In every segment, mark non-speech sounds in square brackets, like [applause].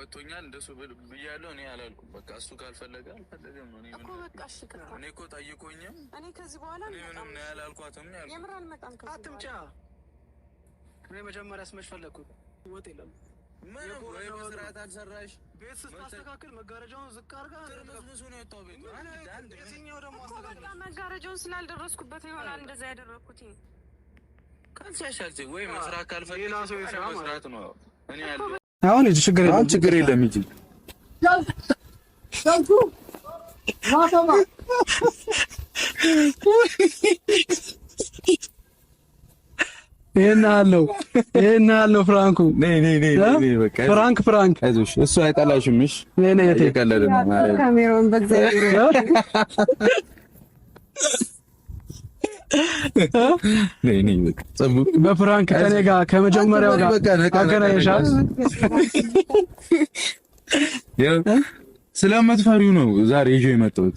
ወጥቶኛል እንደሱ ብያለሁ። እኔ አላልኩም። በቃ እሱ ካልፈለገ አልፈለገም ነው እኮ በቃ እኔ እኮ ጠይቆኝም እኔ ከዚህ በኋላ ምንም ነው ያላልኳትም። የምር አልመጣም። አትምጫ። እኔ መጀመሪያ ስመች ፈለግኩት ወጥ የለም ምንም ወይ አልሰራሽ። ቤት ስታስተካክል መጋረጃውን ዝቅ ነው ቤት። ደግሞ ስላልደረስኩበት ይሆናል ወይ መስራት ካልፈለግሽ መስራት ነው እኔ ያለው አሁን እዚህ ችግር የለም፣ ችግር የለም። እዚህ ዳንኩ ማሰማ ይሄን አለው ይሄን አለው ፍራንኩ ነይ ነይ ነይ በቃ ፍራንክ ፍራንክ አይዞሽ፣ እሱ አይጠላሽም። እሺ ነይ ነይ፣ እየቀለደ ነው ማለት ካሜራውን በዛ [laughs] በፍራንክ ከኔ ጋር ከመጀመሪያው ጋር አገናኝሻል። ስለምትፈሪው ነው ዛሬ ይዤ የመጣሁት።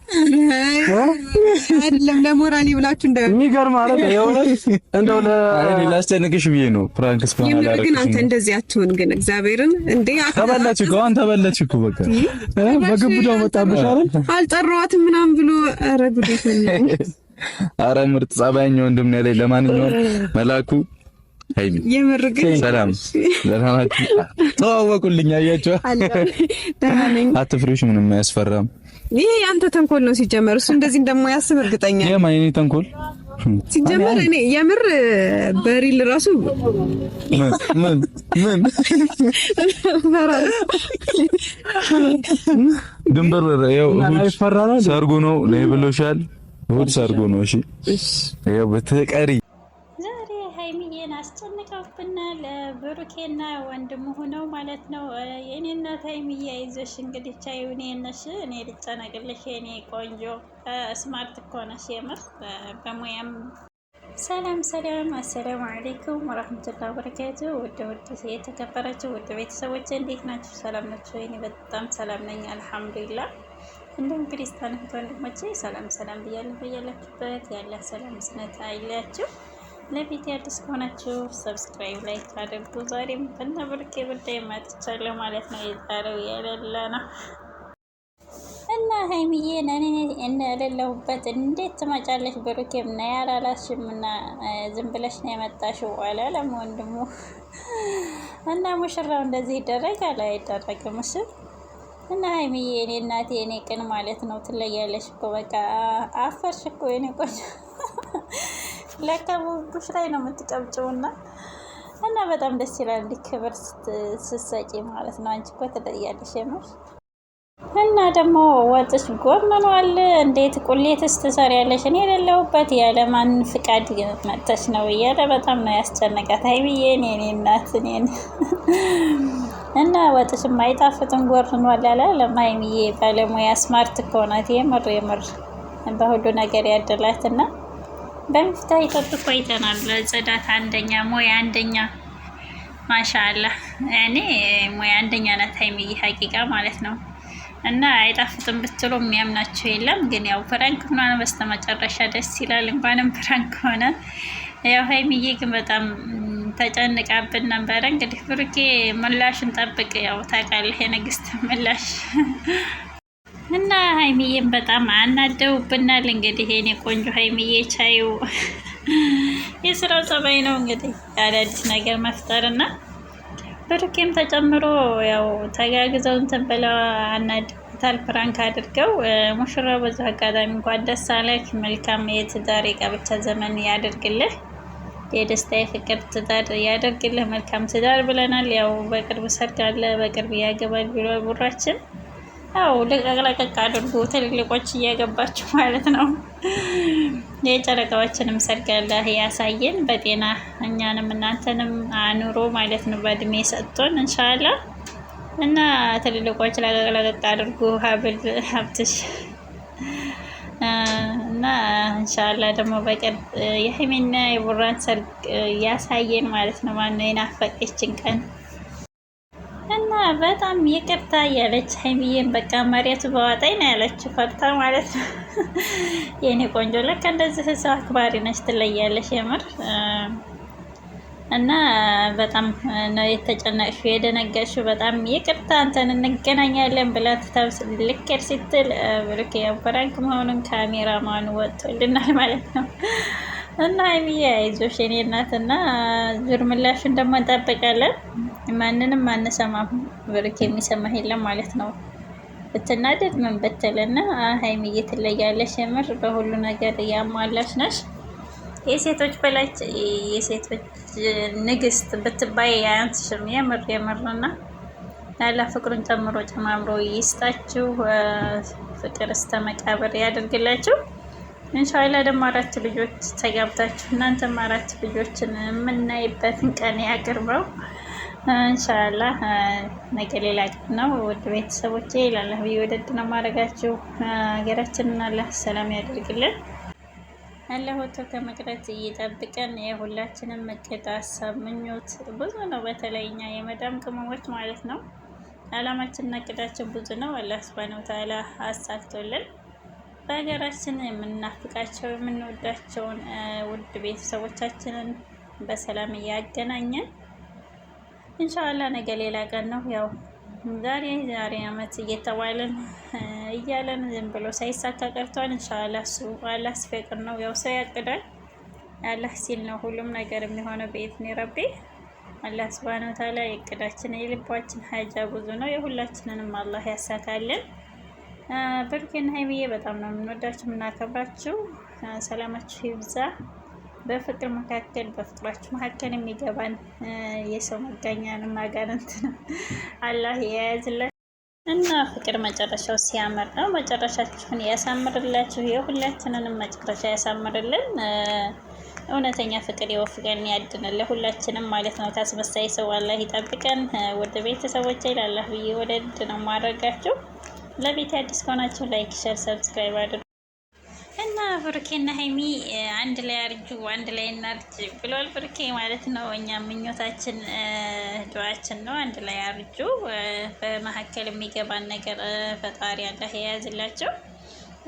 አይደለም ለሞራል ብላችሁ እንደ የሚገርም ማለት እንደው ላስጨንቅሽ ብዬ ነው። ፍራንክ ግን አንተ እንደዚህ አትሆን ግን እግዚአብሔርን እንዴ ተበላች እኮ አሁን ተበላች እኮ በቃ በግብዳው መጣብሽ አይደል? አልጠራኋትም ምናምን ብሎ ኧረ ጉዴ ፈለኝ። [laughs] ምርጥ ጸባይኛ ወንድም ነው ያለኝ። ለማንኛውም መላኩ ሀይሚ የምር ግን ሰላም ተዋወቁልኝ። አያችሁ አትፍሪሽ፣ ምንም አያስፈራም። ይህ የአንተ ተንኮል ነው ሲጀመር። እሱ እንደዚህ እንደማያስብ እርግጠኛ ነኝ። የማን የኔ ተንኮል ሲጀመር? እኔ የምር በሪል ራሱ ምን ሰርጉ ነው ብሎሻል። እሑድ ሰርጉ ነው። እሺ ያው በተቀሪ ሀይሚዬን አስጨንቀውብናል ብሩኬና ወንድም ሆነው ማለት ነው። የኔና ሀይሚዬ አይዞሽ እንግዲህ ቻይ እኔ ነሽ እኔ ልጨነቅልሽ የኔ ቆንጆ ስማርት እኮ ነሽ የምር በሙያም ሰላም ሰላም፣ አሰላሙ አለይኩም ወራህመቱላሂ ወበረካቱ። ውድ ውድ የተከበራችሁ ውድ ቤተሰቦች እንዴት ናችሁ? ሰላም ናችሁ? እኔ በጣም ሰላም ነኝ አልሐምዱሊላህ። እንዲሁም ክርስቲያን ወንድሞቼ ሰላም ሰላም ብያለሁ። በያላችሁበት ያለ ሰላም ስነት አይለያችሁ። ለቤት አዲስ ከሆናችሁ ሰብስክራይብ ላይ ታደርጉ። ዛሬም በእነ ብሩኬ ጉዳይ መጥቻለሁ ማለት ነው። የዛሬው የሌለ ነው እና ሀይሚዬ እኔ የሌለሁበት እንዴት ትመጫለሽ? ብሩኬም ነይ አላላሽም እና ዝም ብለሽ ነው የመጣሽው አላለም ወንድሙ። እና ሙሽራው እንደዚህ ይደረጋል አይደረግም? እሺ እና ሀይሚዬ እኔ እናቴ እኔ ቅን ማለት ነው ትለያለሽ እኮ በቃ አፈርሽ እኮ የኔ ቆንጆ ለካ ቡሽ ላይ ነው የምትቀብጭው እና እና በጣም ደስ ይላል። ክብር ስትሰጪ ማለት ነው። አንቺ እኮ ትለያለሽ የምር እና ደግሞ ወጥሽ ጎመኗል። እንዴት ቁሌትስ ትሰሪያለሽ? እኔ የሌለሁበት ያለማን ፍቃድ መጥተሽ ነው እያለ በጣም ነው ያስጨነቃት። አይ ብዬ እኔ እኔ እናት እኔን [laughs] እና ወጥሽም አይጣፍጥም ጎርኗል አለ ለማይምዬ ባለሙያ ስማርት እኮ ናት የምር የምር በሁሉ ነገር ያደላት እና በሚፍታህ ኢትዮጵያ ቆይተናል። ጽዳት አንደኛ፣ ሞያ አንደኛ። ማሻላ እኔ ሙያ አንደኛ ናት ሀይሚዬ ሀቂቃ ማለት ነው። እና አይጣፍጥም ብትሎ የሚያምናቸው የለም። ግን ያው ፕራንክ ሆኗል፣ በስተመጨረሻ ደስ ይላል። እንኳንም ፕራንክ ሆነ። ያው ሀይሚዬ ግን በጣም ተጨንቃብን ነበረ። እንግዲህ ብሩኬ ምላሽን ጠብቅ። ያው ታውቃለህ፣ የንግስት ምላሽ እና ሀይሚዬን በጣም አናደውብናል። እንግዲህ የኔ ቆንጆ ሀይሚዬ ቻዩ [laughs] የስራው ጸባይ ነው እንግዲህ አዳዲስ ነገር መፍጠርና ብሩኬም ተጨምሮ ያው ተጋግዘው እንትን ብለው አናድታል። ፕራንክ አድርገው ሙሽራው በዚህ አጋጣሚ እንኳን ደስ አለህ፣ መልካም የትዳር የጋብቻ ዘመን ያደርግልህ፣ የደስታ የፍቅር ትዳር ያደርግልህ፣ መልካም ትዳር ብለናል። ያው በቅርብ ሰርግ አለ፣ በቅርብ ያገባል ብሎ ቡራችን ያው ልቀቅለቀቅ አድርጎ ትልልቆች እያገባችሁ ማለት ነው። የጨረቃዎችንም ሰርግ አላህ ያሳየን በጤና እኛንም እናንተንም አኑሮ ማለት ነው። በእድሜ ሰጥቶን እንሻላ እና ትልልቆች ለቀቅለቀቅ አድርጎ ሀብል ሀብትሽ እና እንሻላ ደግሞ በቅርብ የሀይሚና የቡራን ሰርግ ያሳየን ማለት ነው። ማነው የናፈቀችን ቀን በጣም ይቅርታ እያለች ሀይሚዬን በቃ መሬቱ በዋጣኝ ነው ያለች፣ ፈርታ ማለት ነው። [laughs] የእኔ ቆንጆ ለካ እንደዚህ ሰው አክባሪ ነች፣ ትለያለሽ የምር እና በጣም ነው የተጨነቅሽ የደነገጥሽው። በጣም ይቅርታ አንተን እንገናኛለን ብላ ትታብስ ልክር ስትል ብሩክ ፕራንክ መሆኑን ካሜራማኑ ወጥቶልናል ማለት ነው። እና ሀይሚዬ አይዞሽ የኔ እናት እና ዙር ምላሽ እንደማንጠብቃለን። ማንንም አንሰማም። ብርክ የሚሰማህ የለም ማለት ነው። ብትናደድ ምን ብትል እና ሀይሚዬ ትለያለሽ። የምር በሁሉ ነገር ያሟላሽ ነሽ። የሴቶች በላች የሴቶች ንግስት ብትባይ አያንስሽም። የምር የምር እና ያላ ፍቅሩን ጨምሮ ጨማምሮ ይስጣችሁ። ፍቅር እስከ መቃብር ያደርግላችሁ። እንሻላ ደግሞ አራት ልጆች ተጋብታችሁ እናንተም አራት ልጆችን የምናይበትን ቀን ያቅርበው። እንሻላ ነገ ሌላ ቀን ነው። ውድ ቤተሰቦቼ ይላለ ብዬ ወደድ ነው ማድረጋችሁ። ሀገራችንን አላህ ሰላም ያደርግልን። አላህ ወጥቶ ከመቅረት እየጠብቀን የሁላችንም እቅድ፣ ሀሳብ፣ ምኞት ብዙ ነው። በተለይ እኛ የመዳም ቅመሞች ማለት ነው አላማችንና እቅዳችን ብዙ ነው። አላህ ሱብሃነሁ ወተዓላ አሳክቶልን በሀገራችን የምናፍቃቸው የምንወዳቸውን ውድ ቤተሰቦቻችንን በሰላም እያገናኘን እንሻላ ነገ ሌላ ቀን ነው። ያው ዛሬ ዛሬ አመት እየተባልን እያለን ዝም ብሎ ሳይሳካ ቀርቷል። እንሻላ እሱ አላህ ሲፈቅድ ነው። ያው ሰው ያቅዳል፣ አላህ ሲል ነው ሁሉም ነገር የሚሆነው። ቤት ረቤ አላህ ስብሃነ ወተዓላ የእቅዳችን የልባችን ሀጃ ብዙ ነው። የሁላችንንም አላህ ያሳካልን። ብሩኬና ሀይሚዬ በጣም ነው የምንወዳችሁ የምናከብራችሁ። ሰላማችሁ ይብዛ። በፍቅር መካከል በፍቅራችሁ መካከል የሚገባን የሰው መጋኛንም አጋንንት ነው አላህ የያዝላችሁ እና ፍቅር መጨረሻው ሲያምር ነው። መጨረሻችሁን ያሳምርላችሁ። የሁላችንንም መጨረሻ ያሳምርልን። እውነተኛ ፍቅር የወፍቀን ያድነን፣ ለሁላችንም ማለት ነው። ከአስመሳይ ሰው አላህ ይጠብቀን። ወደ ቤተሰቦቼ ላላህ ብዬ ወደድ ነው ማድረጋችሁ ለቤት አዲስ ከሆናችሁ ላይክ፣ ሸር፣ ሰብስክራይብ አድርጉ እና ብሩኬና ሀይሚ አንድ ላይ አርጁ፣ አንድ ላይ እናርጅ ብሏል ብሩኬ ማለት ነው። እኛ ምኞታችን ዱዓችን ነው፣ አንድ ላይ አርጁ። በመካከል የሚገባን ነገር ፈጣሪ አላህ የያዝላቸው።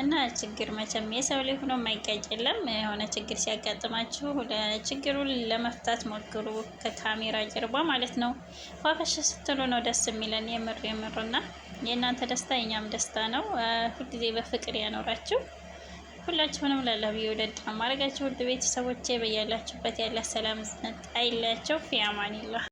እና ችግር መቼም የሰው ላይ ሆኖ የማይጋጭ የለም። የሆነ ችግር ሲያጋጥማችሁ ችግሩን ለመፍታት ሞክሩ፣ ከካሜራ ጀርባ ማለት ነው። ፏፈሽ ስትሉ ነው ደስ የሚለን የምር የምሩና፣ የእናንተ ደስታ የኛም ደስታ ነው። ሁልጊዜ በፍቅር ያኖራችሁ። ሁላችሁንም ላላህ ቢወደድ ማድረጋችሁ ውድ ቤተሰቦቼ፣ በያላችሁበት ያለ ሰላም አይለያቸው ፊያማኒላ